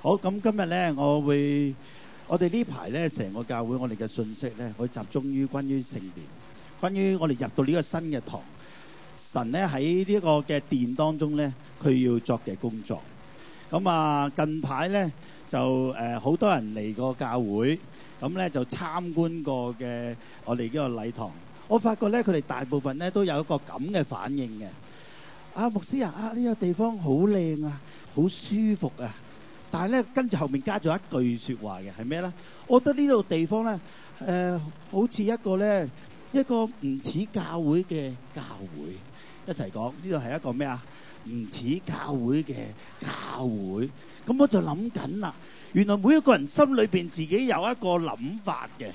好咁，今日咧，我會我哋呢排咧，成個教會，我哋嘅信息咧，會集中於關於聖殿，關於我哋入到呢個新嘅堂，神咧喺呢個嘅殿當中咧，佢要作嘅工作。咁啊，近排咧就誒好多人嚟過教會，咁咧就參觀過嘅我哋呢個禮堂。我發覺咧，佢哋大部分咧都有一個咁嘅反應嘅。啊，牧師啊，啊呢個地方好靚啊，好舒服啊！但係咧，跟住後面加咗一句説話嘅係咩咧？我覺得呢度地方咧，誒好似一個咧一個唔似教會嘅教會，一齊講呢度係一個咩啊？唔似教會嘅教會。咁我就諗緊啦，原來每一個人心裏邊自己有一個諗法嘅。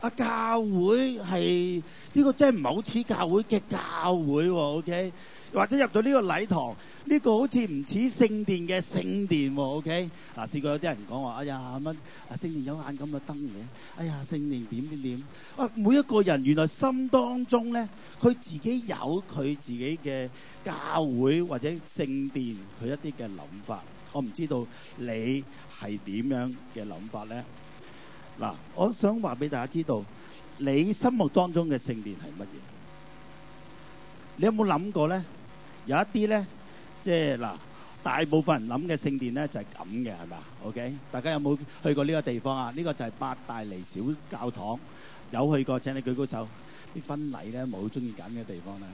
啊，教會係呢個真係唔係好似教會嘅教會喎？O K。或者入到呢個禮堂，呢個好似唔似聖殿嘅聖殿喎，OK？嗱，試過有啲人講話，哎呀乜啊聖殿有眼咁嘅燈嘅，哎呀聖殿點點點，哇！每一個人原來心當中咧，佢自己有佢自己嘅教會或者聖殿佢一啲嘅諗法，我唔知道你係點樣嘅諗法咧？嗱，我想話俾大家知道，你心目當中嘅聖殿係乜嘢？你有冇諗過咧？有一啲咧，即係嗱，大部分人諗嘅聖殿咧就係咁嘅，係嘛？OK，大家有冇去過呢個地方啊？呢個就係八大釐小教堂，有去過請你舉高手。啲婚禮咧，冇好中意揀呢個地方啦。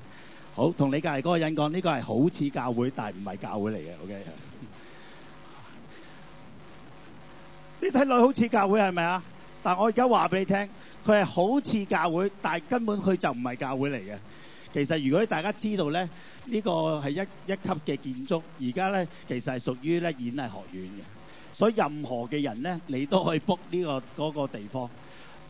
好，同你隔離嗰個人講，呢個係好似教會，但係唔係教會嚟嘅。OK，你睇落好似教會係咪啊？但我而家話俾你聽，佢係好似教會，但係根本佢就唔係教會嚟嘅。其實如果大家知道咧，呢、呢個係一一級嘅建築，而家呢其實係屬於咧演藝學院嘅，所以任何嘅人呢，你都可以 book 呢、呢個嗰、嗰個地方。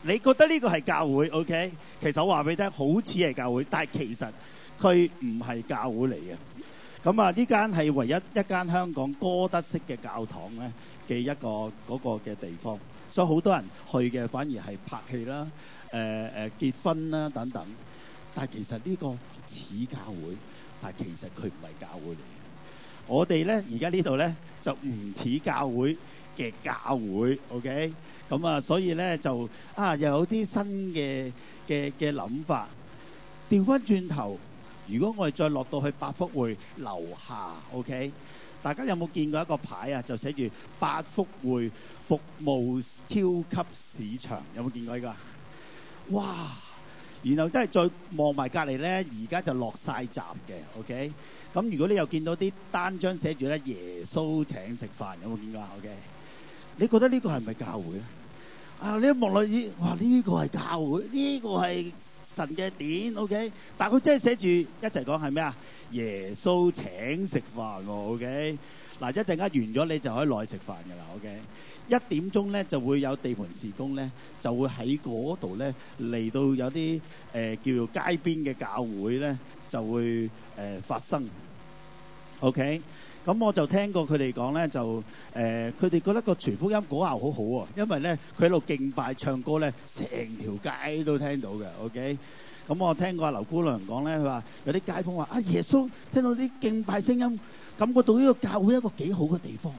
你覺得呢個係教會，OK？其實我話俾你聽，好似係教會，但係其實佢唔係教會嚟嘅。咁啊，呢間係唯一一間香港歌德式嘅教堂呢嘅一個嗰、嗰個嘅地方，所以好多人去嘅反而係拍戲啦、誒、呃、誒結婚啦等等。但係其實呢個似教會，但係其實佢唔係教會嚟。我哋咧而家呢度咧就唔似教會嘅教會，OK？咁啊，所以咧就啊又有啲新嘅嘅嘅諗法。調翻轉頭，如果我哋再落到去百福匯樓下，OK？大家有冇見過一個牌啊？就寫住百福匯服務超級市場，有冇見過呢個？哇！然後都係再望埋隔離咧，而家就落晒閘嘅，OK。咁如果你又見到啲單張寫住咧耶穌請食飯，有冇見過？OK。你覺得呢個係咪教會咧？啊，你一望落咦，哇！呢、呢個係教會，呢、呢個係神嘅殿，OK 但。但佢真係寫住一齊講係咩啊？耶穌請食飯 OK 嗱，一陣間完咗你就可以落去食飯噶啦，OK。一點鐘咧就會有地盤事工咧，就會喺嗰度咧嚟到有啲誒叫做街邊嘅教會咧，就會誒發生。OK，咁我就聽過佢哋講咧，就誒佢哋覺得個傳福音果效好好啊，因為咧佢喺度敬拜唱歌咧，成條街都聽到嘅。OK，咁我聽過阿劉姑娘講咧，佢話有啲街坊話啊，耶穌聽到啲敬拜聲音，感覺到呢個教會一個幾好嘅地方。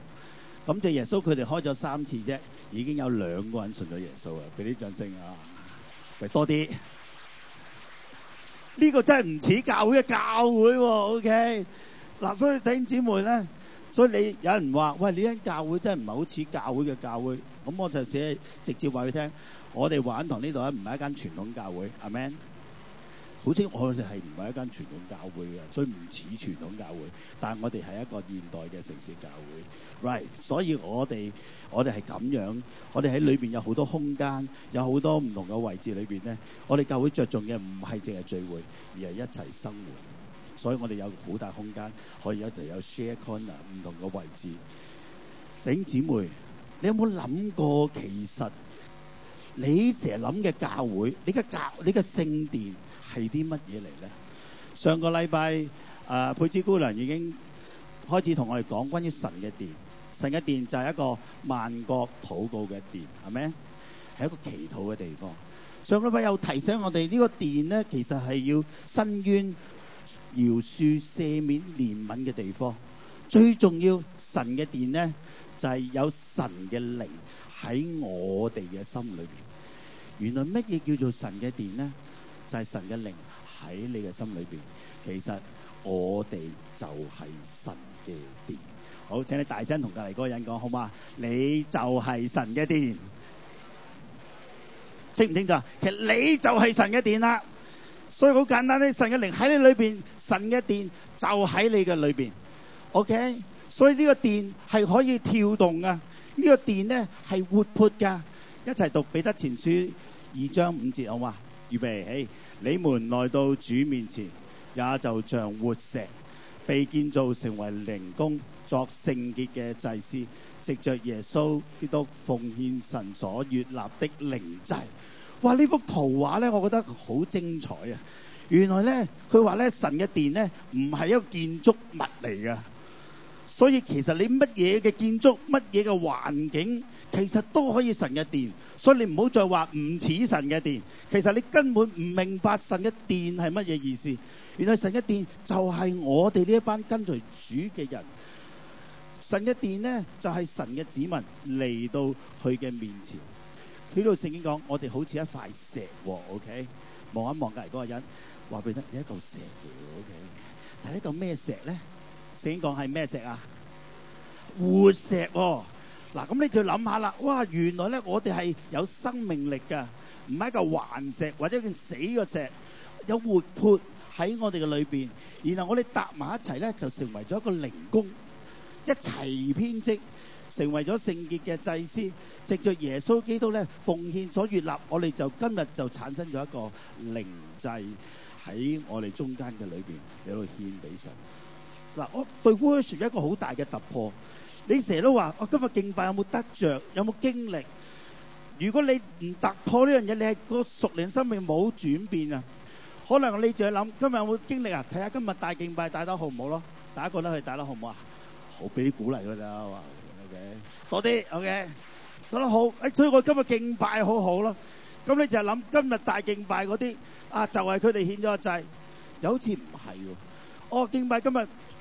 咁就耶穌佢哋開咗三次啫，已經有兩個人信咗耶穌啊！俾啲掌聲啊，俾多啲。呢個真係唔似教會嘅教會喎。OK，嗱，所以弟兄姊妹咧，所以你有人話喂，呢間教會真係唔係好似教會嘅教會。咁我就寫直接話俾佢聽，我哋華恩堂呢度咧唔係一間傳統教會。Amen。好似我哋係唔係一間傳統教會嘅，所以唔似傳統教會。但係我哋係一個現代嘅城市教會，right。所以我哋我哋係咁樣，我哋喺裏邊有好多空間，有好多唔同嘅位置裏邊呢。我哋教會著重嘅唔係淨係聚會，而係一齊生活。所以我哋有好大空間可以一齊有 share corner 唔同嘅位置。弟姊妹，你有冇諗過其實你成日諗嘅教會，你嘅教你嘅聖殿？係啲乜嘢嚟呢？上個禮拜，啊、呃、佩芝姑娘已經開始同我哋講關於神嘅殿。神嘅殿就係一個萬國禱告嘅殿，係咪？係一個祈禱嘅地方。上個禮拜又提醒我哋，這個，呢個殿呢，其實係要伸冤、饒恕、赦免、憐憫嘅地方。最重要，神嘅殿呢，就係、是、有神嘅靈喺我哋嘅心裏邊。原來乜嘢叫做神嘅殿呢？就係神嘅靈喺你嘅心裏邊。其實我哋就係神嘅殿。好，請你大聲同隔籬嗰個人講，好嘛？你就係神嘅殿，清唔清楚啊？其實你就係神嘅殿啦。所以好簡單咧，神嘅靈喺你裏邊，神嘅殿就喺你嘅裏邊。OK，所以呢個殿係可以跳動噶，呢、這個殿咧係活潑噶。一齊讀彼得前書二章五節，好嘛？預備起，你們來到主面前，也就像活石，被建造成為靈宮，作聖潔嘅祭司，藉著耶穌基督奉獻神所悅納的靈祭。哇！呢幅圖畫呢，我覺得好精彩啊！原來呢，佢話咧，神嘅殿呢，唔係一個建築物嚟噶。所以其實你乜嘢嘅建築，乜嘢嘅環境，其實都可以神嘅殿。所以你唔好再話唔似神嘅殿。其實你根本唔明白神嘅殿係乜嘢意思。原來神嘅殿就係我哋呢一班跟隨主嘅人。神嘅殿呢，就係、是、神嘅子民嚟到佢嘅面前。喺度聖經講，我哋好似一塊石，OK？望一望隔籬嗰個人，話俾你聽，你一嚿石，OK？但係呢嚿咩石咧？醒講係咩石啊？活石喎！嗱，咁你就要諗下啦，哇！原來咧，我哋係有生命力嘅，唔係一嚿環石或者一嚿死嘅石，有活潑喺我哋嘅裏邊。然後我哋搭埋一齊咧，就成為咗一個靈宮，一齊編織，成為咗聖潔嘅祭司。藉著耶穌基督咧，奉獻所悦納，我哋就今日就產生咗一個靈祭喺我哋中間嘅裏邊，嚟到獻俾神。嗱，我對 worship 一個好大嘅突破。你成日都話，我今日敬拜有冇得著，有冇經歷？如果你唔突破呢樣嘢，你係個熟練生命冇轉變啊。可能你就係諗今日有冇經歷啊？睇下今日大敬拜帶得好唔好咯？大家覺得佢帶得好唔好啊？好，俾啲鼓勵佢咋，係嘛？OK，多啲 OK，帶得好。哎，所以我今日敬拜好好咯。咁你就係諗今日大敬拜嗰啲啊，就係佢哋獻咗個祭，又好似唔係喎。我敬拜今日。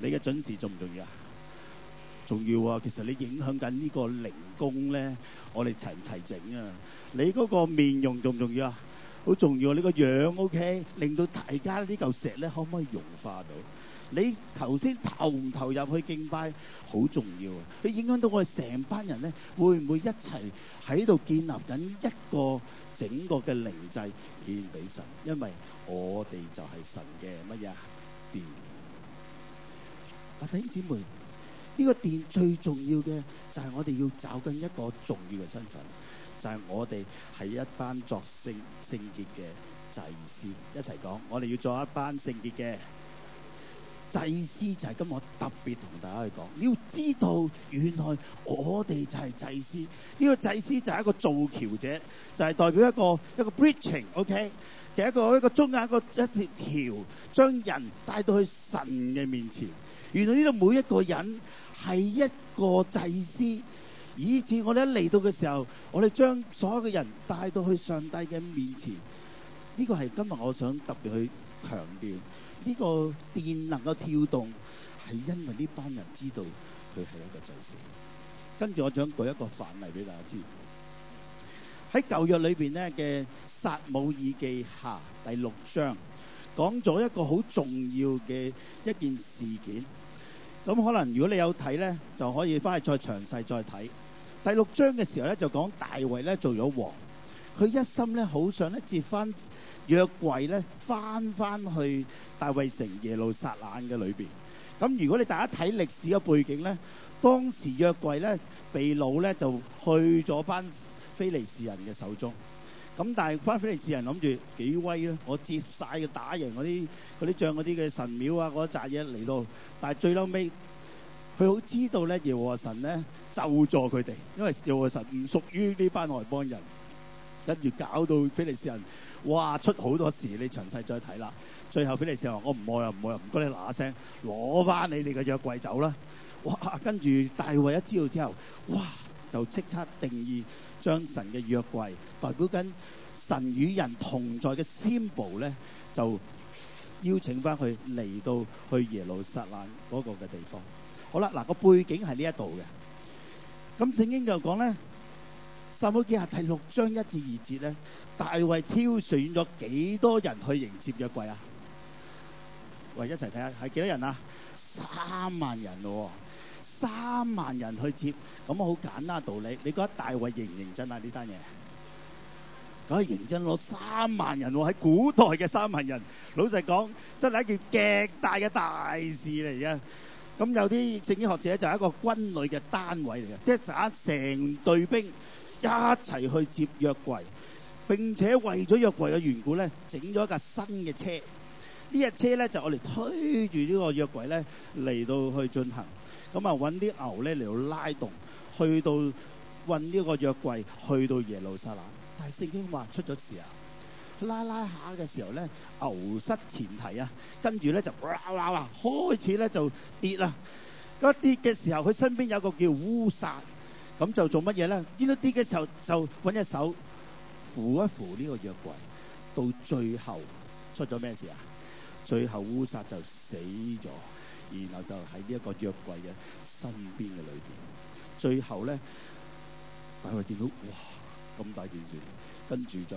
你嘅準時重唔重要啊？重要啊！其實你影響緊呢個靈宮咧，我哋齊唔齊整啊？你嗰個面容重唔重要啊？好重要啊！你個樣 OK，令到大家呢嚿石咧可唔可以融化到？你頭先投唔投入去敬拜，好重要啊！你影響到我哋成班人咧，會唔會一齊喺度建立緊一個整個嘅靈祭獻俾神？因為我哋就係神嘅乜嘢？阿弟兄姊妹，呢、這個殿最重要嘅就係我哋要找緊一個重要嘅身份，就係、是、我哋係一班作聖聖潔嘅祭司一齊講，我哋要做一班聖潔嘅祭司，就係、是、今日我特別同大家去講，你要知道原來我哋就係祭司。呢、這個祭司就係一個造橋者，就係、是、代表一個一個 bridging，OK、okay? 嘅一個一個中間一個一，個一，個一，個一個條橋將人帶到去神嘅面前。原來呢度每一個人係一個祭司，以至我哋一嚟到嘅時候，我哋將所有嘅人帶到去上帝嘅面前。呢個係今日我想特別去強調，呢個殿能夠跳動係因為呢班人知道佢係一個祭司。跟住我想舉一個範例俾大家知，喺舊約裏邊呢嘅撒母耳記下第六章。講咗一個好重要嘅一件事件，咁可能如果你有睇呢，就可以翻去再詳細再睇。第六章嘅時候呢，就講大衛呢做咗王，佢一心呢，好想咧接翻約櫃呢翻翻去大衛城耶路撒冷嘅裏邊。咁如果你大家睇歷史嘅背景呢，當時約櫃呢，被擄呢就去咗班非利士人嘅手中。咁但係班非利士人諗住幾威咯，我接曬佢打贏嗰啲嗰啲仗嗰啲嘅神廟啊，嗰扎嘢嚟到，但係最嬲尾，佢好知道咧，耶和華神咧就助佢哋，因為耶和華神唔屬於呢班外邦人，跟住搞到非利士人，哇出好多事，你詳細再睇啦。最後非利士人話：我唔愛啊唔愛啊，唔該你嗱嗱聲攞翻你哋嘅約櫃走啦！哇，跟住大衛一知道之後，哇就即刻定義。將神嘅約櫃代表緊神與人同在嘅 symbol 咧，就邀請翻佢嚟到去耶路撒冷嗰個嘅地方。好啦，嗱個背景係呢一度嘅。咁聖經就講咧，撒母耳記下第六章一至二節咧，大衛挑選咗幾多人去迎接約櫃啊？喂，一齊睇下係幾多人啊？三萬人喎。三萬人去接咁啊，好簡單道理。你覺得大衛認唔認真啊？呢單嘢梗係認真，攞三萬人喎，喺古代嘅三萬人。老實講，真係一件極大嘅大事嚟嘅。咁有啲聖經學者就係一個軍旅嘅單位嚟嘅，即係成隊兵一齊去接約櫃。並且為咗約櫃嘅緣故咧，整咗一架新嘅車。呢架車咧就我哋推住呢個約櫃咧嚟到去進行。咁啊，揾啲牛咧嚟到拉動，去到運呢個約櫃去到耶路撒冷。但係聖經話出咗事啊！拉拉下嘅時候咧，牛失前蹄啊，跟住咧就哇哇哇開始咧就跌啦。一跌嘅時候，佢身邊有個叫烏撒，咁就做乜嘢咧？見到跌嘅時候就揾隻手扶一扶呢個約櫃。到最後出咗咩事啊？最後烏撒就死咗。然後就喺呢一個約櫃嘅身邊嘅裏邊，最後咧，大衞見到哇咁大件事。跟住就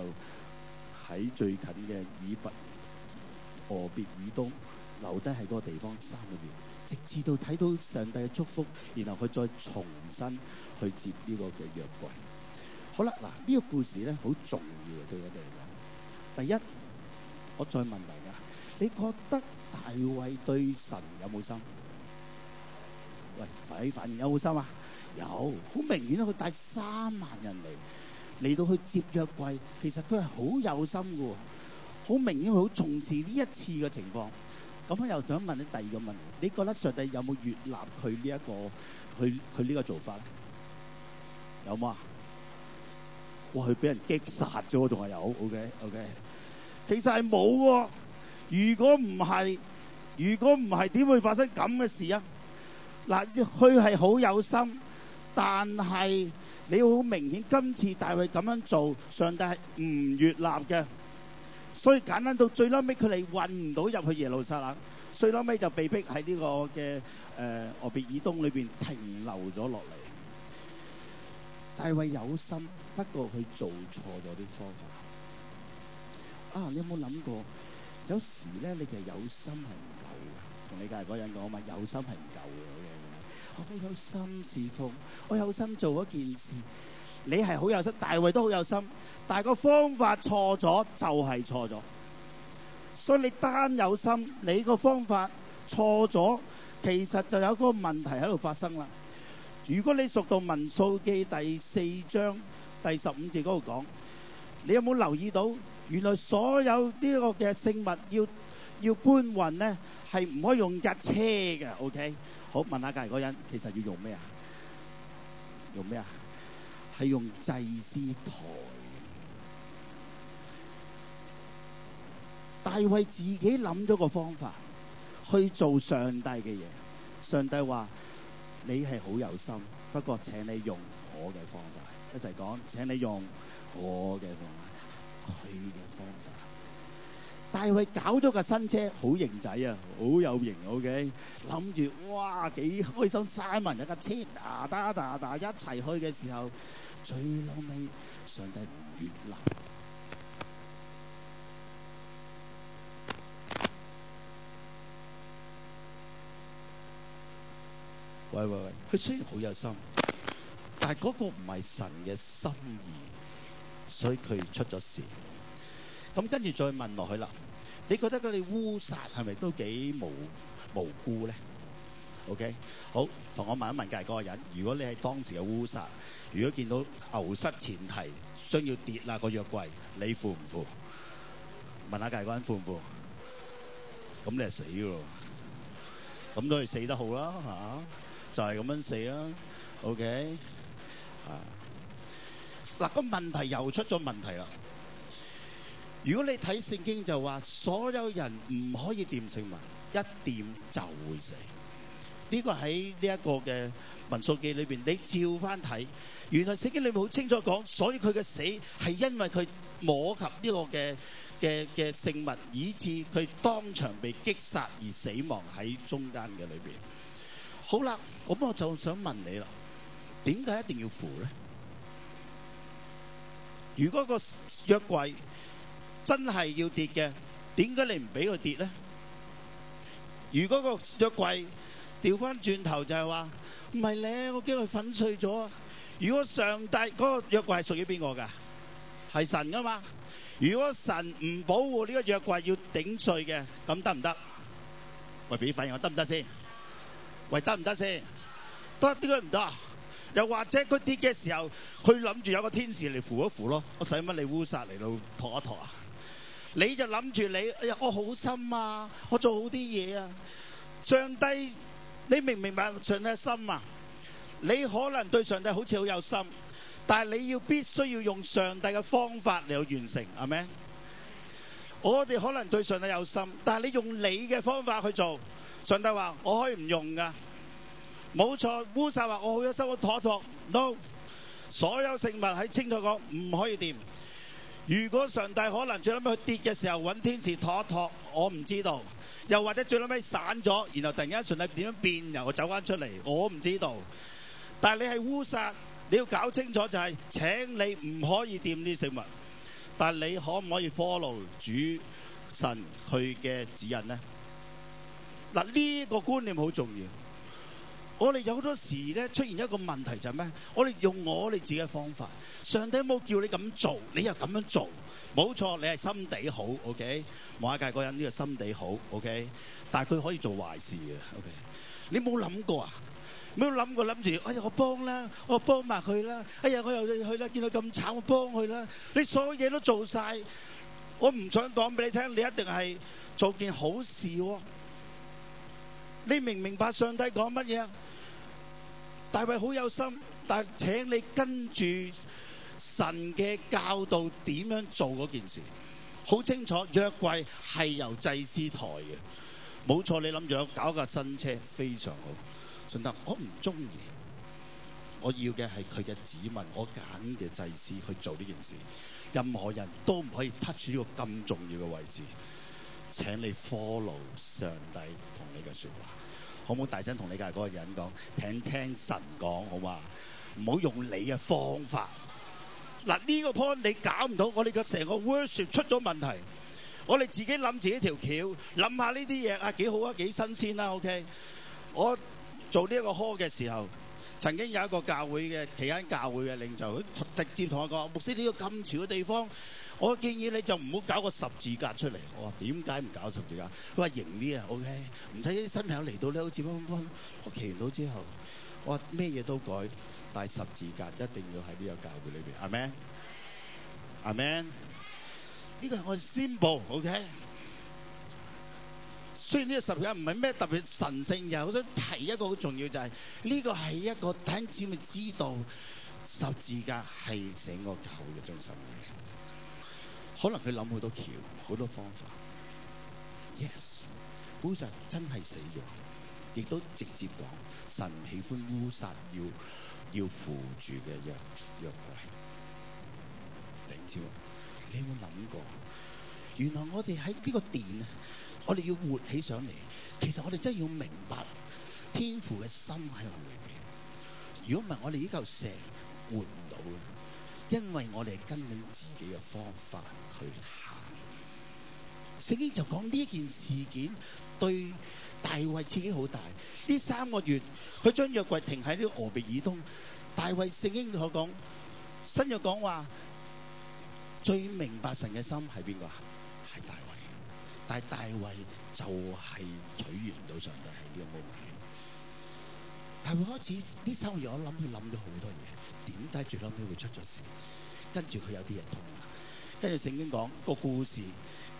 喺最近嘅以弗和俄別以東留低喺嗰個地方三個月，直至到睇到上帝嘅祝福，然後佢再重新去接呢個嘅約櫃。好啦，嗱、這、呢個故事咧好重要對我哋嚟講。第一，我再問大家。你覺得大衛對神有冇心？喂，反而有冇心啊？有，好明顯啦，佢帶三萬人嚟嚟到去接約櫃，其實佢係好有心嘅喎，好明顯佢好重視呢一次嘅情況。咁又想問你第二個問題：你覺得上帝有冇悅納佢呢一個佢佢呢個做法？有冇啊？哇！佢俾人擊殺咗，仲係有？OK，OK。其實係冇喎。如果唔係，如果唔係，點會發生咁嘅事啊？嗱，佢係好有心，但係你好明顯，今次大衛咁樣做，上帝係唔悅納嘅，所以簡單到最尾，佢哋運唔到入去耶路撒冷，最尾就被迫喺呢、這個嘅誒、呃、俄別以東裏邊停留咗落嚟。大衛有心，不過佢做錯咗啲方法。啊，你有冇諗過？有時咧，你就係有心係唔夠嘅。你同你今日嗰人講啊嘛，有心係唔夠嘅嗰樣嘢。我有心侍奉，我有心做一件事。你係好有心，大衛都好有心，但係個方法錯咗就係錯咗。所以你單有心，你個方法錯咗，其實就有個問題喺度發生啦。如果你熟到《民數記》第四章第十五節嗰度講，你有冇留意到？原來所有呢個嘅聖物要要搬運呢，係唔可以用架車嘅。OK，好，問下隔籬嗰人，其實要用咩啊？用咩啊？係用祭司台。大衛自己諗咗個方法去做上帝嘅嘢。上帝話：你係好有心，不過請你用我嘅方法。一齊講：請你用我嘅方法。佢嘅方法，但係佢搞咗個新車，好型仔啊，好有型，OK。諗住哇，幾開心，三萬一架車，嗱嗱嗱，一齊去嘅時候，最嬲尾上帝唔願留。喂喂喂，佢雖然好有心，但係嗰個唔係神嘅心意。所以佢出咗事，咁跟住再問落去啦。你覺得嗰啲烏撒係咪都幾無無辜咧？OK，好，同我問一問介嗰個人。如果你係當時嘅烏撒，如果見到牛失前蹄將要跌啊個約櫃，你負唔負？問下介官負唔負？咁你係死咯。咁都係死得好啦嚇，就係咁樣死啦。OK，啊。嗱，個問題又出咗問題啦！如果你睇聖經就話，所有人唔可以掂聖物，一掂就會死。呢個喺呢一個嘅民數記裏邊，你照翻睇，原來聖經裏面好清楚講，所以佢嘅死係因為佢摸及呢個嘅嘅嘅聖物，以致佢當場被擊殺而死亡喺中間嘅裏邊。好啦，咁我就想問你啦，點解一定要扶咧？如果個約櫃真係要跌嘅，點解你唔俾佢跌咧？如果個約櫃掉翻轉頭就係話唔係咧，我驚佢粉碎咗啊！如果上帝嗰個約櫃係屬於邊個噶？係神噶嘛？如果神唔保護呢個約櫃要頂碎嘅，咁得唔得？喂，俾啲反應我得唔得先？喂，得唔得先？得，點解唔得？又或者佢跌嘅時候，佢諗住有個天使嚟扶一扶咯，我使乜你烏撒嚟到托一托啊？你就諗住你，哎呀，我好心啊，我做好啲嘢啊！上帝，你明唔明白上帝嘅心啊？你可能對上帝好似好有心，但係你要必須要用上帝嘅方法嚟去完成，係咪？我哋可能對上帝有心，但係你用你嘅方法去做，上帝話我可以唔用噶。冇錯，烏撒話我好我討一收好妥妥。no，所有食物喺清楚講唔可以掂。如果上帝可能最後尾跌嘅時候揾天使妥妥，我唔知道。又或者最後尾散咗，然後突然間上帝點樣變，然後走翻出嚟，我唔知道。但係你係烏撒，你要搞清楚就係、是：請你唔可以掂呢啲食物。但係你可唔可以 follow 主神佢嘅指引呢？嗱，呢個觀念好重要。我哋有好多時咧出現一個問題就係咩？我哋用我哋自己嘅方法，上帝冇叫你咁做，你又咁樣做，冇錯，你係心地好，OK？望下界個人呢個心地好，OK？但係佢可以做壞事嘅，OK？你冇諗過啊？冇諗過諗住，哎呀我幫啦，我幫埋佢啦，哎呀我又去啦，見到咁慘我幫佢啦，你所有嘢都做晒，我唔想講俾你聽，你一定係做件好事喎，哦！你明唔明白上帝講乜嘢？大衛好有心，但請你跟住神嘅教導點樣做件事，好清楚。約櫃係由祭司抬嘅，冇錯。你諗住搞架新車，非常好。順德，我唔中意，我要嘅係佢嘅子民，我揀嘅祭司去做呢件事，任何人都唔可以 touch 呢個咁重要嘅位置。請你 follow 上帝同你嘅説話。我冇大聲同你隔籬嗰個人講，聽聽神講好嘛？唔好用你嘅方法。嗱，呢個 point 你搞唔到，我哋個成個 worship 出咗問題，我哋自己諗自己條橋，諗下呢啲嘢啊，幾好啊，幾新鮮啦。OK，我做呢一個 call 嘅時候。曾經有一個教會嘅其他教會嘅領袖，佢直接同我講：牧師呢個咁潮嘅地方，我建議你就唔好搞個十字架出嚟。我話點解唔搞十字架？佢話型啲啊，OK。唔睇啲新朋友嚟到咧，好似嗡嗡嗡。我祈禱完到之後，我話咩嘢都改，但係十字架一定要喺呢個教會裏邊。阿 men，阿 men，呢個係我宣佈，OK。雖然呢個十字架唔係咩特別神聖嘅，我想提一個好重要就係呢個係一個弟子咪知道十字架係整個頭嘅中心。可能佢諗好多橋，好多方法。Yes，烏撒真係死咗，亦都直接講神喜歡烏撒，要要扶住嘅約約櫃。頂住！你有冇諗過？原來我哋喺呢個殿。我哋要活起上嚟，其實我哋真係要明白天父嘅心喺裏邊。如果唔係，我哋呢嚿石活唔到嘅，因為我哋係跟緊自己嘅方法去行。聖經就講呢件事件對大衛刺激好大。呢三個月，佢將約櫃停喺呢個俄別以東。大衛，聖經所講，新約講話，最明白神嘅心係邊個啊？係大衛。但大衛就係取完到上帝係啲奧義，大衛開始呢三個月我，我諗佢諗咗好多嘢，點解最後尾會出咗事？跟住佢有啲人痛，跟住聖經講個故事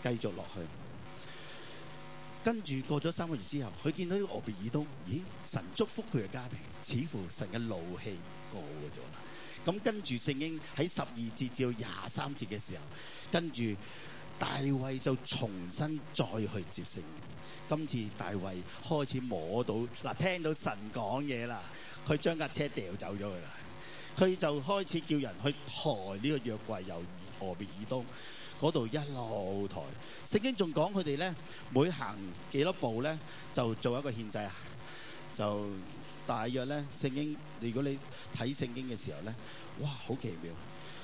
繼續落去。跟住過咗三個月之後，佢見到呢個伯爾刀，咦！神祝福佢嘅家庭，似乎神嘅怒氣過咗啦。咁跟住聖經喺十二節至到廿三節嘅時候，跟住。大衛就重新再去接聖經，今次大衛開始摸到嗱、啊，聽到神講嘢啦，佢將架車掉走咗佢啦，佢就開始叫人去抬呢個約櫃由俄別以東嗰度一路抬，聖經仲講佢哋咧每行幾多步咧就做一個獻祭啊，就大約咧，聖經如果你睇聖經嘅時候咧，哇好奇妙，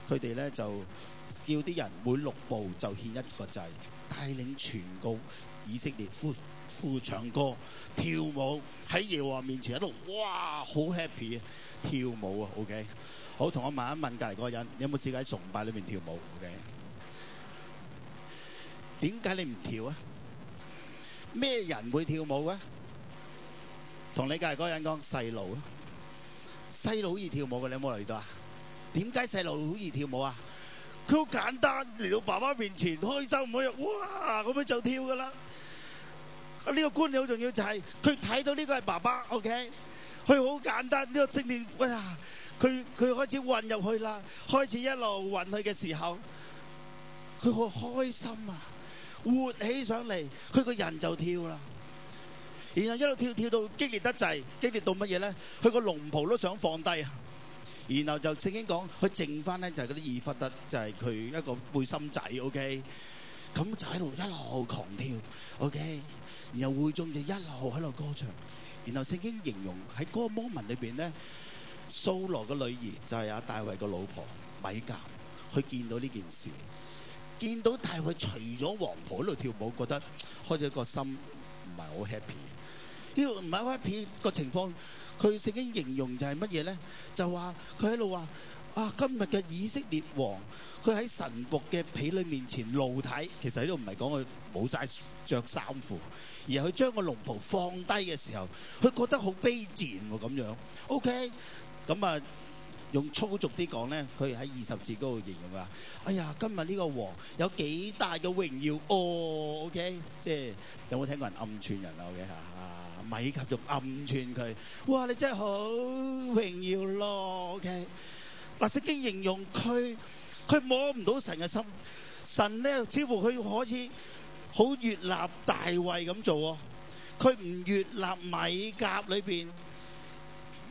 佢哋咧就。叫啲人每六步就獻一個祭，帶領全國以色列歡呼唱歌跳舞喺耶和華面前一路，哇！好 happy 啊，跳舞啊，OK。好，同我問一問隔離嗰個人，你有冇試過喺崇拜裏面跳舞？OK。點解你唔跳啊？咩人會跳舞啊？同你隔離嗰個人講細路啊，細路好易跳舞嘅，你有冇留意到啊？點解細路好易跳舞啊？佢好簡單，嚟到爸爸面前，開心唔開心，哇！咁樣就跳噶啦。呢個觀念好重要，就係佢睇到呢個係爸爸，OK？佢好簡單，呢個正面，哎呀！佢佢開始混入去啦，開始一路混去嘅時候，佢好開心啊，活起上嚟，佢個人就跳啦。然後一路跳跳到激烈得滯，激烈到乜嘢咧？佢個龍袍都想放低啊！然後就聖經講，佢剩翻咧就係嗰啲以弗得，就係佢一個背心仔，OK。咁就喺度一路狂跳，OK。然後會眾就一路喺度歌唱。然後聖經形容喺個 moment 裏邊咧，掃羅嘅女兒就係阿大衛個老婆米甲，佢見到呢件事，見到大衛除咗王袍喺度跳舞，覺得開咗個心唔係好 happy。要唔係好 happy 個情況？佢曾經形容就係乜嘢咧？就話佢喺度話啊，今日嘅以色列王，佢喺神國嘅婢女面前露體，其實呢度唔係講佢冇晒着衫褲，而係佢將個龍袍放低嘅時候，佢覺得好卑賤喎咁樣。OK，咁啊。用粗俗啲講咧，佢喺二十字嗰度形容話：哎呀，今日呢個王有幾大嘅榮耀哦！OK，即係有冇聽過人暗串人 okay? 啊？OK 嚇，米甲就暗串佢，哇！你真係好榮耀咯！OK，但係聖經形容佢，佢摸唔到神嘅心。神咧，似乎佢可以好悅納大衛咁做，佢唔悅納米甲裏邊，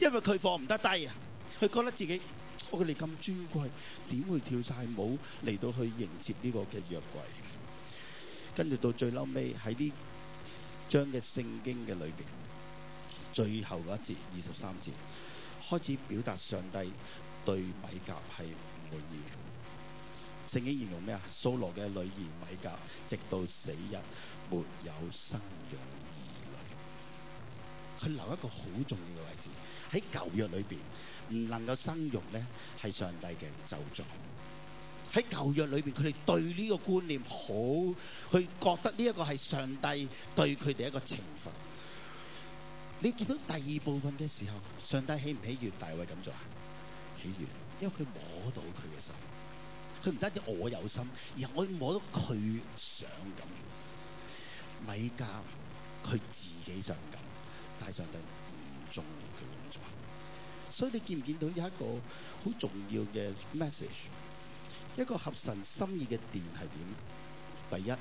因為佢放唔得低啊。佢覺得自己，我哋咁尊貴，點會跳晒舞嚟到去迎接呢個嘅約櫃？跟住到最嬲尾喺呢張嘅聖經嘅裏邊，最後嗰一節二十三節，開始表達上帝對米甲係唔滿意。聖經形容咩啊？掃羅嘅女兒米甲，直到死日，沒有生養。佢留一個好重要嘅位置喺舊約裏邊，唔能夠生育咧，係上帝嘅咒詛。喺舊約裏邊，佢哋對呢個觀念好，佢覺得呢一個係上帝對佢哋一個懲罰。你見到第二部分嘅時候，上帝喜唔喜悅大衛咁做啊？喜悅，因為佢摸到佢嘅心，佢唔單止我有心，而我摸到佢想咁。米迦佢自己想咁。大上帝唔重要，所以你見唔見到有一個好重要嘅 message？一個合神心意嘅殿係點？第一，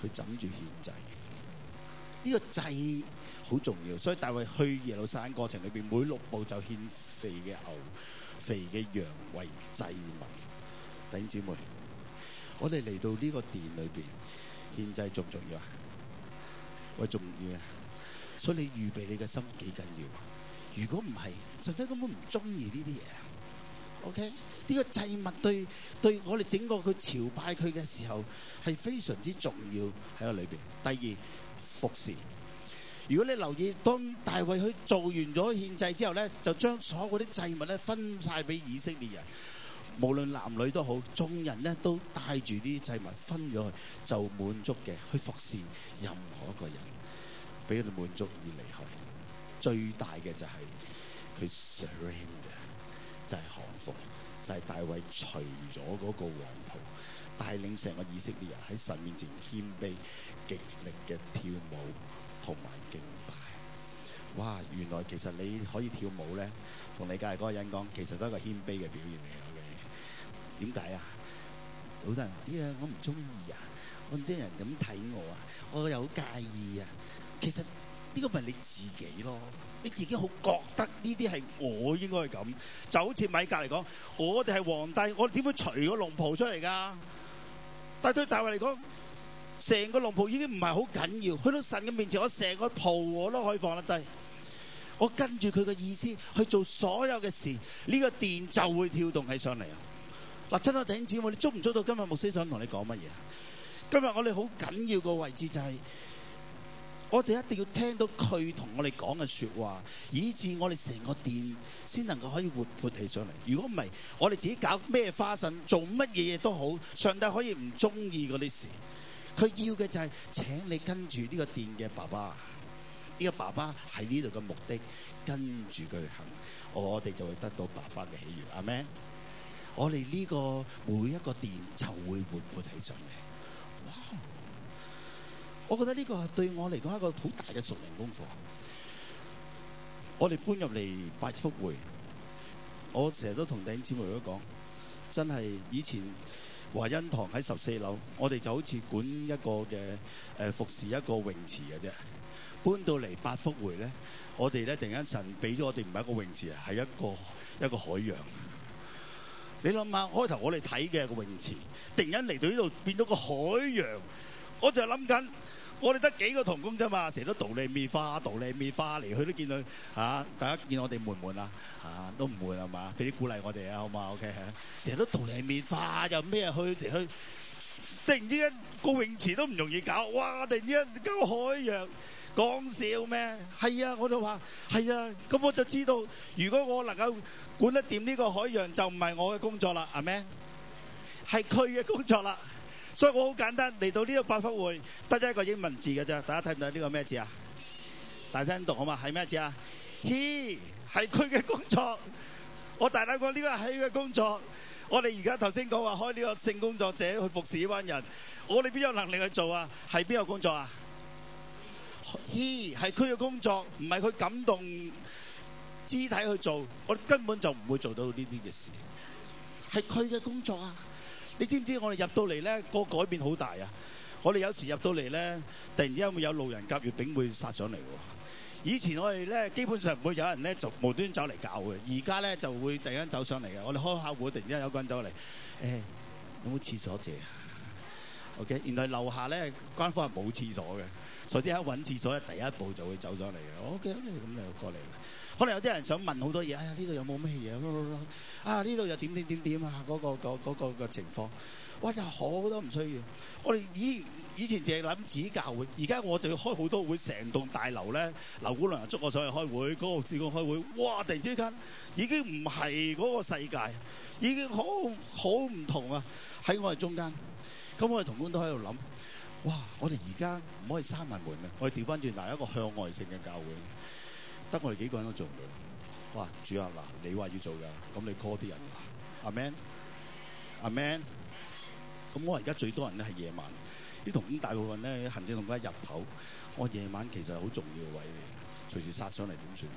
佢枕住獻祭。呢個祭好重要，所以大衛去耶路撒冷過程裏邊，每六步就獻肥嘅牛、肥嘅羊為祭物。弟兄姊妹，我哋嚟到呢個殿裏邊，獻祭重唔重要啊？喂，重要啊？所以你預備你嘅心幾緊要？如果唔係，神真根本唔中意呢啲嘢。OK？呢個祭物對對我哋整個佢朝拜佢嘅時候係非常之重要喺個裏邊。第二，服侍。如果你留意當大衞佢做完咗獻祭之後咧，就將所有啲祭物咧分曬俾以色列人，無論男女都好，眾人咧都帶住啲祭物分咗去就滿足嘅去服侍任何一個人。俾佢哋滿足而離去，最大嘅就係佢上興嘅就係、是、韓服，就係、是、大衛除咗嗰個黃袍，帶領成個以色列人喺神面前謙卑極力嘅跳舞同埋敬拜。哇！原來其實你可以跳舞咧，同你隔離嗰個人講，其實都係一個謙卑嘅表現嚟嘅。點解啊？好多人話：哎呀，我唔中意啊，我唔知人咁睇我啊，我又好介意啊。其實呢個咪你自己咯，你自己好覺得呢啲係我應該係咁，就好似米格嚟講，我哋係皇帝，我哋點會除個龍袍出嚟噶？但對大衛嚟講，成個龍袍已經唔係好緊要，去到神嘅面前，我成個袍我都可以放得低，我跟住佢嘅意思去做所有嘅事，呢個殿就會跳動起上嚟啊！嗱、嗯，親愛的弟兄，我捉唔捉到今日牧師想同你講乜嘢啊？今日我哋好緊要個位置就係、是。我哋一定要聽到佢同我哋講嘅説話，以致我哋成個殿先能夠可以活潑起上嚟。如果唔係，我哋自己搞咩花臣，做乜嘢嘢都好，上帝可以唔中意嗰啲事。佢要嘅就係請你跟住呢個殿嘅爸爸，呢、呢個爸爸喺呢度嘅目的，跟住佢行，我哋就會得到爸爸嘅喜悅。阿們，我哋呢個每一個殿就會活潑起上嚟。哇。我覺得呢個對我嚟講係一個好大嘅熟人功課。我哋搬入嚟八福匯，我成日都同弟姊妹都講，真係以前華欣堂喺十四樓，我哋就好似管一個嘅誒，服侍一個泳池嘅啫。搬到嚟八福匯咧，我哋咧突然間神俾咗我哋唔係一個泳池啊，係一個一個海洋。你諗下開頭我哋睇嘅個泳池，突然間嚟到呢度變咗個海洋，我就諗緊。我哋得幾個同工啫嘛，成日都塗泥面花、塗泥面花嚟，佢都見到嚇，大家見我哋悶唔悶啊？嚇，都唔悶啦嘛，俾啲鼓勵我哋啊，好嘛？OK，成日都塗泥面花又咩？佢哋去突然之間個泳池都唔容易搞，哇！突然之間個海洋講笑咩？係啊，我就話係啊，咁我就知道，如果我能夠管得掂呢個海洋，就唔係我嘅工作啦，阿咩？係佢嘅工作啦。所以我好簡單嚟到呢個八福會得咗一個英文字㗎啫，大家睇唔睇呢個咩字啊？大聲讀好嘛，係咩字啊？He 係佢嘅工作。我大膽講呢個係佢嘅工作。我哋而家頭先講話開呢個性工作者去服侍呢班人，我哋邊有能力去做啊？係邊個工作啊？He 係佢嘅工作，唔係佢感動肢體去做，我哋根本就唔會做到呢啲嘅事。係佢嘅工作啊！你知唔知我哋入到嚟咧個改變好大啊！我哋有時入到嚟咧，突然之間會有路人甲乙丙會殺上嚟喎。以前我哋咧基本上唔會有人咧就無端走嚟教嘅，而家咧就會突然間走上嚟嘅。我哋開下會，突然間有個人走嚟，誒、欸，有冇廁所借？OK，原來樓下咧科方冇廁所嘅，所以啲人揾廁所咧第一步就會走上嚟嘅。OK，咁你咁你過嚟。可能有啲人想問好多嘢，哎呀，呢度有冇咩嘢？啊，呢度又點點點點啊？嗰個個嗰個個情況，哇，有好多唔需要。我哋以以前淨係諗指教會，而家我就要開好多會，成棟大樓咧，樓古涼人捉我上去開會，嗰個司工開會，哇，突然之間已經唔係嗰個世界，已經好好唔同啊！喺我哋中間，咁我哋同工都喺度諗，哇，我哋而家唔可以閂埋門啊！我哋調翻轉嚟一個向外性嘅教會。得我哋幾個人都做唔到。哇，主啊，嗱，你話要做㗎，咁你 call 啲人。阿 Man，阿 Man，咁我而家最多人咧係夜晚。啲同工大部分咧行政同嗰啲入口，我夜晚其實係好重要嘅位嚟，隨時殺上嚟點算。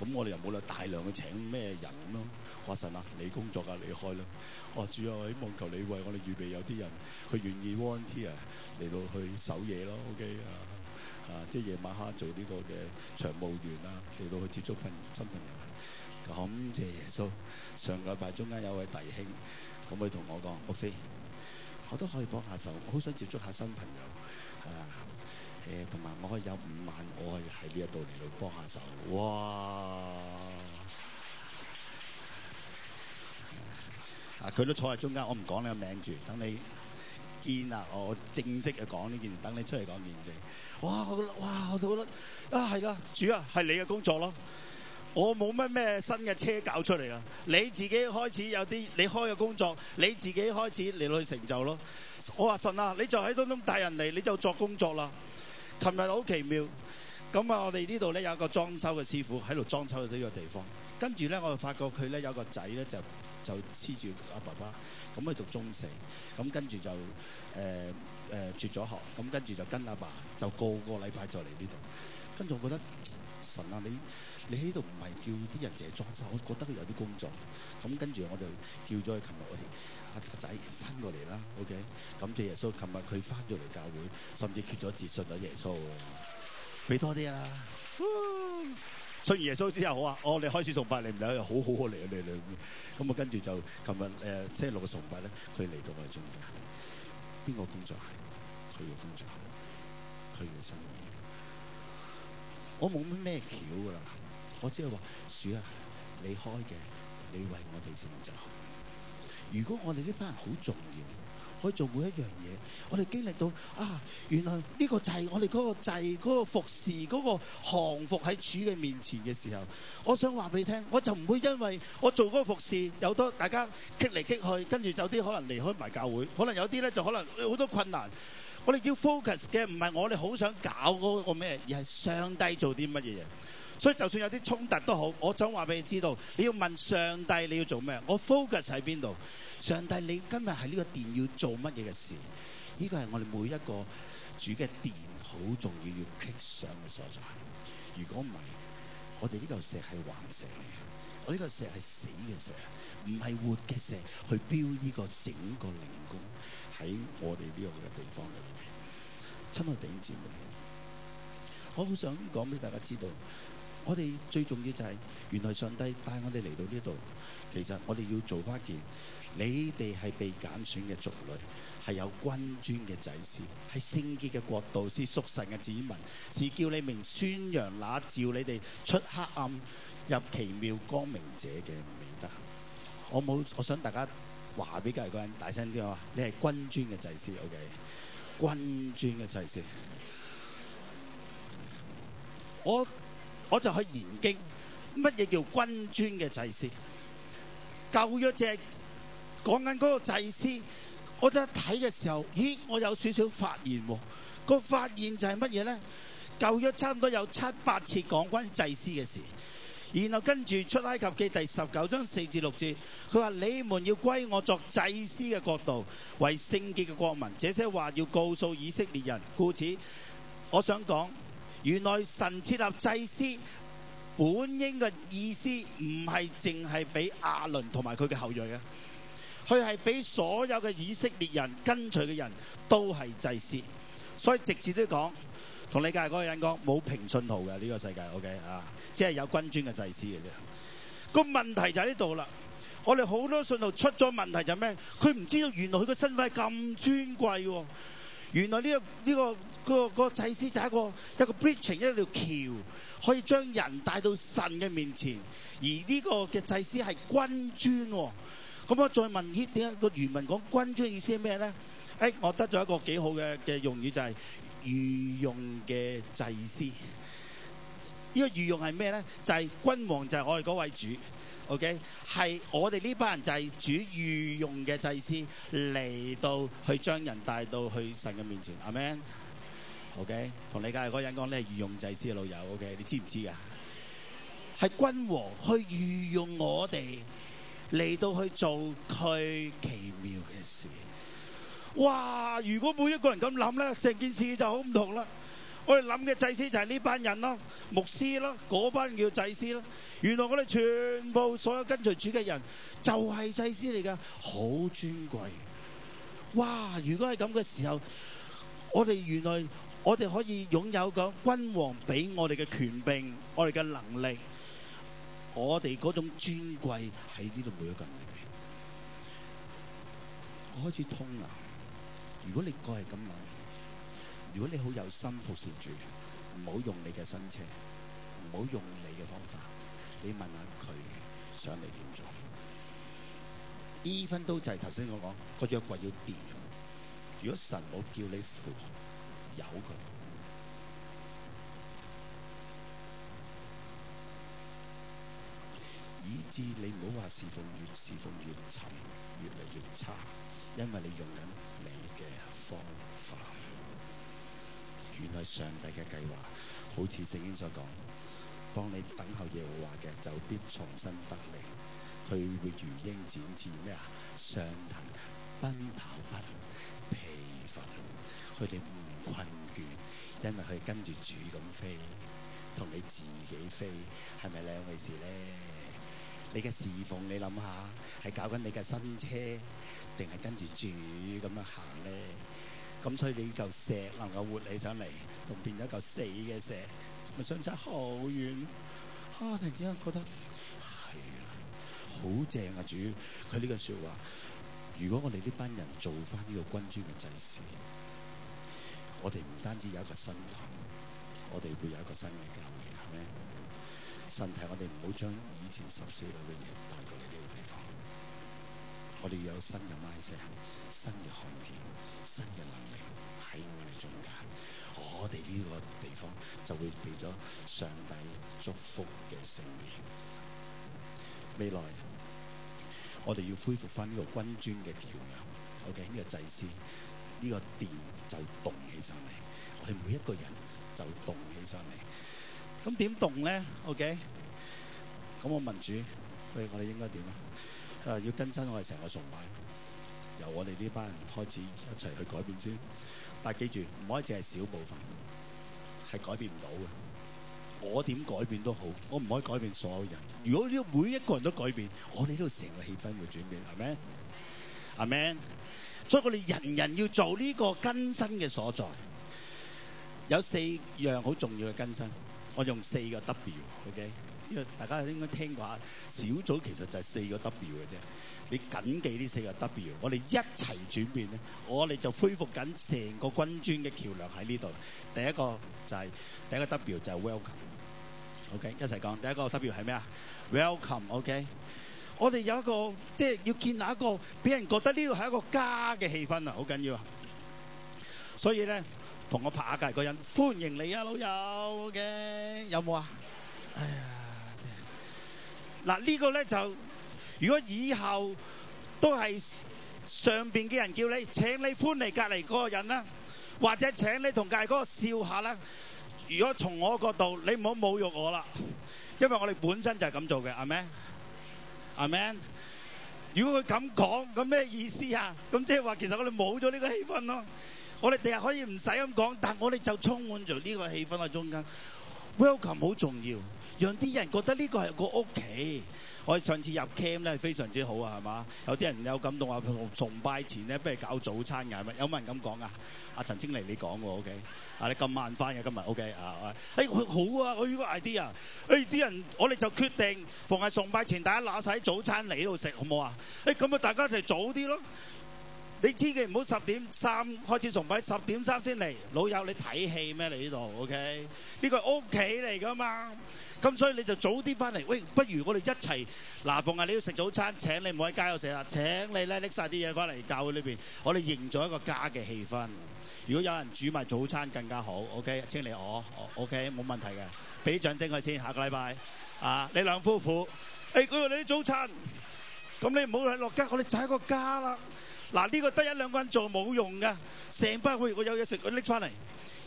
咁我哋又冇啦大量嘅請咩人咁咯。我話神啊，你工作㗎，你開啦。我主啊，我希望求你為我哋預備有啲人，佢願意 volunteer 嚟到去守夜咯。OK 啊。啊！即係夜晚黑做呢個嘅場務員啦、啊，嚟到去接觸份新朋友、啊。感謝耶穌。上個禮拜中間有位弟兄，咁佢同我講：牧師， 我都可以幫下手，我好想接觸下新朋友。啊！誒，同埋我可以有五萬，我可以喺呢一度嚟到幫下手。哇！啊，佢 都樂 坐喺中間，我唔講你嘅名住，等你。見啊！我正式就講呢件，等你出嚟講件事。哇！我覺得哇！我覺得啊，係啦，主啊，係你嘅工作咯。我冇乜咩新嘅車搞出嚟啊！你自己開始有啲你開嘅工作，你自己開始嚟去成就咯。我話神啊，你就喺度咁帶人嚟，你就作工作啦。琴日好奇妙，咁啊，我哋呢度咧有一個裝修嘅師傅喺度裝修呢個地方，跟住咧我就發覺佢咧有個仔咧就就黐住阿爸爸。咁佢讀中四，咁跟住就誒誒、呃呃、絕咗學，咁跟住就跟阿爸，就個個禮拜再嚟呢度。跟住我覺得神啊，你你喺度唔係叫啲人自己裝修，我覺得佢有啲工作。咁跟住我就叫咗佢琴日，我阿仔翻過嚟啦。OK，感謝耶穌，琴日佢翻咗嚟教會，甚至決咗志信咗耶穌。俾多啲啊！信耶穌之後好啊，哦，你開始崇拜你唔係，好好好嚟啊，你兩咁啊，跟住就琴日誒即係六個崇拜咧，佢嚟到我哋中邊個工作？係佢嘅工作，係佢嘅生活。我冇咩橋㗎啦，我只係話主啊，你開嘅，你為我哋成就。如果我哋呢班人好重要。可以做每一樣嘢，我哋經歷到啊，原來呢個就係我哋嗰個祭、嗰、嗰個服侍嗰、嗰個降服喺、嗰個、主嘅面前嘅時候，我想話俾你聽，我就唔會因為我做嗰個服侍有多大家激嚟激去，跟住有啲可能離開埋教會，可能有啲咧就可能好多困難。我哋要 focus 嘅唔係我哋好想搞嗰個咩，而係上帝做啲乜嘢嘢。所以就算有啲衝突都好，我想話俾你知道，你要問上帝你要做咩，我 focus 喺邊度。上帝，你今日喺呢個殿要做乜嘢嘅事？呢個係我哋每一個主嘅殿好重要要披上嘅所在。如果唔係，我哋呢嚿石係壞石嚟嘅，我呢個石係死嘅石，唔係活嘅石去標呢個整個靈宮喺我哋呢個嘅地方裏面。親愛弟兄姊妹，我好想講俾大家知道。我哋最重要就係原來上帝帶我哋嚟到呢度，其實我哋要做翻件，你哋係被揀選嘅族類，係有君尊嘅祭司；係聖潔嘅國度，是屬神嘅子民，是叫你明宣揚那召你哋出黑暗入奇妙光明者嘅，唔明得？我冇，我想大家話俾今日個人大聲啲啊！你係君尊嘅祭司。o、okay? k 君尊嘅祭司。我。我就去研經，乜嘢叫君尊嘅祭司？舊約只講緊嗰個祭司，我一睇嘅時候，咦，我有少少發現喎、哦。個發現就係乜嘢呢？舊約差唔多有七八次講關於祭司嘅事，然後跟住出埃及記第十九章四至六節，佢話你們要歸我作祭司嘅國度，為聖潔嘅國民。這些話要告訴以色列人。故此，我想講。原來神設立祭司本應嘅意思唔係淨係俾阿倫同埋佢嘅後裔嘅，佢係俾所有嘅以色列人跟隨嘅人都係祭司，所以直接都講同你隔籬嗰個人講冇平信徒嘅呢個世界，OK 啊，只係有君尊嘅祭司嘅啫。這個問題就喺呢度啦，我哋好多信徒出咗問題就係咩？佢唔知道原來佢個身份咁尊貴喎，原來呢個呢個。這個個個祭司就係一個一個 bridging 一條橋，可以將人帶到神嘅面前。而呢個嘅祭司係君尊、哦，咁我再問啲點解個漁民講君尊嘅意思係咩咧？誒、欸，我得咗一個幾好嘅嘅用語就係、是、御用嘅祭司。呢個御用係咩咧？就係、是、君王就係我哋嗰位主，OK，係我哋呢班人就係主御用嘅祭司嚟到去將人帶到去神嘅面前，阿們。O K，同你今日嗰人講，你係御用祭司老友。O K，你知唔知啊？係君王去御用我哋嚟到去做佢奇妙嘅事。哇！如果每一個人咁諗咧，成件事就好唔同啦。我哋諗嘅祭司就係呢班人咯，牧師咯，嗰班叫祭司咯。原來我哋全部所有跟隨主嘅人就係祭司嚟噶，好尊貴。哇！如果係咁嘅時候，我哋原來。我哋可以擁有個君王俾我哋嘅權柄，我哋嘅能力，我哋嗰種尊貴喺呢度每一個。我開始痛啊！如果你個係咁諗，如果你好有心服侍主，唔好用你嘅新車，唔好用你嘅方法，你問下佢想你點做？呢分都就係頭先我講個約櫃要跌。如果神冇叫你扶。有佢， 以至你唔好話侍奉越侍奉越沉，越嚟越差，因為你用緊你嘅方法。原來上帝嘅計劃，好似聖經所講，幫你等候耶和華嘅，就必重新得力。佢會如鷹展翅，咩啊？上騰、奔跑、不疲乏，佢哋唔困倦，因為佢跟住主咁飛，同你自己飛，係咪兩回事咧？你嘅侍奉你諗下，係搞緊你嘅新車，定係跟住主咁樣行咧？咁所以你嚿石能夠活起上嚟，同變咗嚿死嘅石，咪相差好遠？啊，突然之間覺得係啊，好正啊！主佢呢個説話，如果我哋呢班人做翻呢個君尊嘅祭司。.我哋唔單止有一個新堂，我哋會有一個新嘅教會，係咪？身體，我哋唔好將以前十四樓嘅嘢帶到嚟呢個地方。我哋要有新嘅 message 新嘅項目、新嘅能力喺我哋中間。我哋呢個地方就會俾咗上帝祝福嘅聖言。未來我哋要恢復翻呢個君尊嘅教養。OK，呢個祭司。呢個殿就動起上嚟，我哋每一個人就動起上嚟。咁點動咧？OK。咁我問主，我哋應該點啊？誒，要更新我哋成個崇拜，由我哋呢班人開始一齊去改變先。但係記住，唔可以淨係少部分，係改變唔到嘅。我點改變都好，我唔可以改變所有人。如果要每一個人都改變，我哋都成個氣氛會轉變，係咪？Amen。所以我哋人人要做呢個更新嘅所在，有四樣好重要嘅更新。我用四個 W，OK，因為大家應該聽過下小組其實就係四個 W 嘅啫。你緊記呢四個 W，我哋一齊轉變咧，我哋就恢復緊成個君尊嘅橋梁喺呢度。第一個就係，第一個 W 就係 Welcome，OK，一齊講第一個 W 係咩啊？Welcome，OK。我哋有一個，即係要建立一個，俾人覺得呢個係一個家嘅氣氛啊，好緊要啊。所以咧，同我拍下界嗰人歡迎你啊，老友嘅，有冇啊？哎呀，嗱呢個咧就，如果以後都係上邊嘅人叫你請你歡迎隔離嗰個人啦，或者請你同界個笑下啦。如果從我角度，你唔好侮辱我啦，因為我哋本身就係咁做嘅，係咪？阿 Man，如果佢咁講，咁咩意思啊？咁即係話，其實我哋冇咗呢個氣氛咯。我哋第日可以唔使咁講，但我哋就充滿著呢個氣氛喺中間。Welcome 好重要，讓啲人覺得呢個係個屋企。我上次入 camp 咧，係非常之好啊，係嘛？有啲人有感動話，從崇拜前咧，不如搞早餐嘅係咪？有冇人咁講啊？阿陳清理，你講喎，OK？啊，你咁晚翻嘅今日 OK 啊？誒，佢好啊，我呢個 idea，誒啲人，我哋就決定逢係崇拜前，大家攞曬早餐嚟呢度食，好唔好啊？誒，咁啊，大家一齊早啲咯。你千祈唔好十點三開始崇拜，十點三先嚟。老友，你睇戲咩？嚟呢度，OK？呢個屋企嚟噶嘛？咁所以你就早啲翻嚟。喂，不如我哋一齊嗱，逢係你要食早餐，請你唔好喺街度食啦。請你咧，拎曬啲嘢翻嚟教會呢邊，我哋營造一個家嘅氣氛。如果有人煮埋早餐更加好，OK，清理我，我 OK，冇問題嘅，俾啲掌聲佢先。下個禮拜，啊，你兩夫婦，哎，嗰度你啲早餐，咁你唔好落街，我哋就係個家啦。嗱，呢個得一兩個人做冇用噶，成班去，如果有嘢食，我拎翻嚟。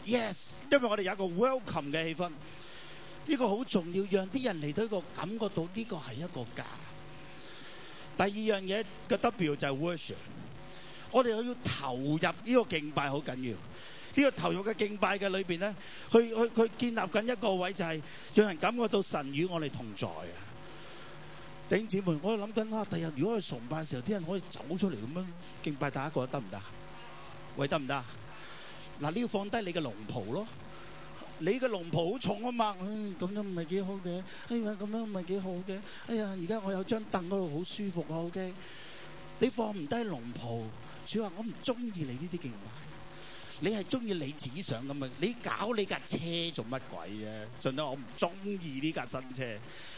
Yes，因為我哋有一個 welcome 嘅氣氛，呢個好重要，讓啲人嚟到個感覺到呢個係一個家。第二樣嘢個 W 就係 worship。我哋要投入呢，這個敬拜好緊要。呢，這個投入嘅敬拜嘅裏邊咧，佢佢佢建立緊一個位，就係讓人感覺到神與我哋同在啊！弟兄姊妹，我諗緊啊，第日，日如果去崇拜嘅時候，啲人可以走出嚟咁樣敬拜，大家覺得唔得？喂，得唔得？嗱，啊，你要放低你嘅龍袍咯，你嘅龍袍好重啊嘛，咁，哎，樣唔係幾好嘅，哎呀，咁樣唔係幾好嘅，哎呀，而家我有張凳喺度好舒服啊，OK，你放唔低龍袍。主話：我唔中意你呢啲敬拜，你係中意你紙上咁啊！你搞你架車做乜鬼啊？順德，我唔中意呢架新車，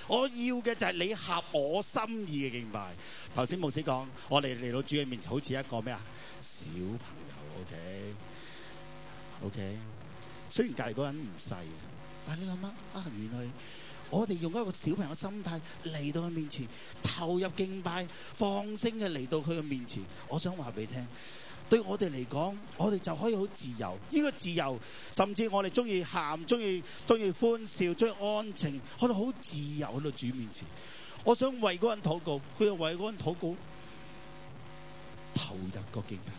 我要嘅就係你合我心意嘅敬拜。頭先牧師講，我哋嚟到主嘅面前，好似一個咩啊？小朋友，OK，OK。雖然隔籬嗰個人唔細，但係你諗下啊，原來～我哋用一個小朋友嘅心態嚟到佢面前，投入敬拜，放聲嘅嚟到佢嘅面前。我想話俾你聽，對我哋嚟講，我哋就可以好自由。呢個自由，甚至我哋中意喊，中意中意歡笑，中意安靜，可以好自由喺度主面前。我想為嗰人禱告，佢又為嗰人禱告，投入個敬拜。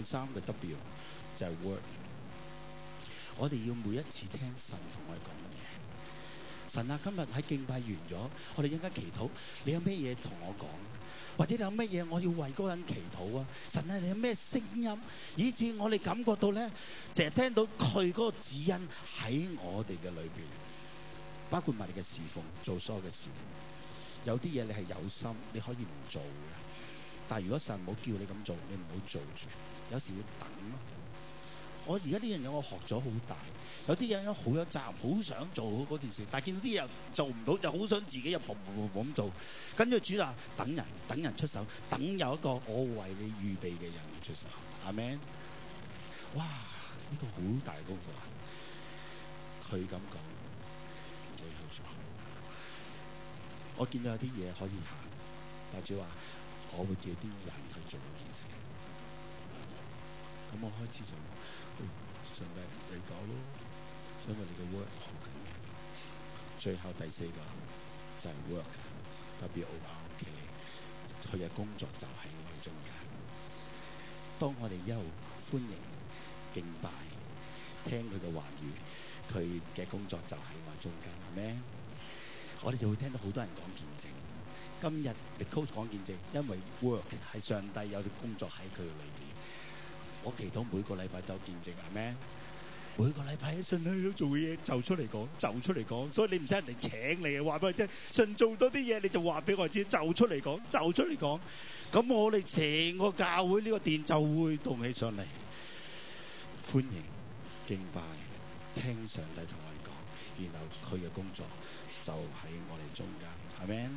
第三個 W 就係 work。我哋要每一次聽神同我哋講嘢。神啊，今日喺敬拜完咗，我哋應該祈禱。你有咩嘢同我講？或者你有咩嘢我要為嗰個人祈禱啊？神啊，你有咩聲音，以致我哋感覺到咧，成日聽到佢嗰個指引喺我哋嘅裏邊。包括埋你嘅侍奉，做所有嘅事。有啲嘢你係有心，你可以唔做嘅。但係如果神冇叫你咁做，你唔好做。有時要等咯。我而家呢樣嘢我學咗好大，有啲嘢好有責任，好想做嗰件事，但見到啲人做唔到，就好想自己入行咁做。跟住主要等人，等人出手，等有一個我為你預備嘅人出手，係咪？哇！呢個好大功夫，佢咁講，我見到有啲嘢可以行，大主只話我會叫啲人去做件事。咁我開始做。欸、上帝，你講咯，因為你個 work，好緊要。最後第四個就係 work，特別我話嘅，佢嘅工作就係愛中間。當我哋一路歡迎敬拜，聽佢嘅話語，佢嘅工作就係愛中間，係咩？我哋就會聽到好多人講見證。今日 Nicole 講見證，因為 work 係上帝有啲工作喺佢裏面。我祈禱每個禮拜都有見證，係咩？每個禮拜神佢都做嘢，就出嚟講，就出嚟講。所以你唔使人哋請你，話俾我知，神做多啲嘢，你就話俾我知，就出嚟講，就出嚟講。咁我哋成個教會呢個殿就會動起上嚟，歡迎敬拜，聽上帝同我哋講，然後佢嘅工作就喺我哋中間，係咪？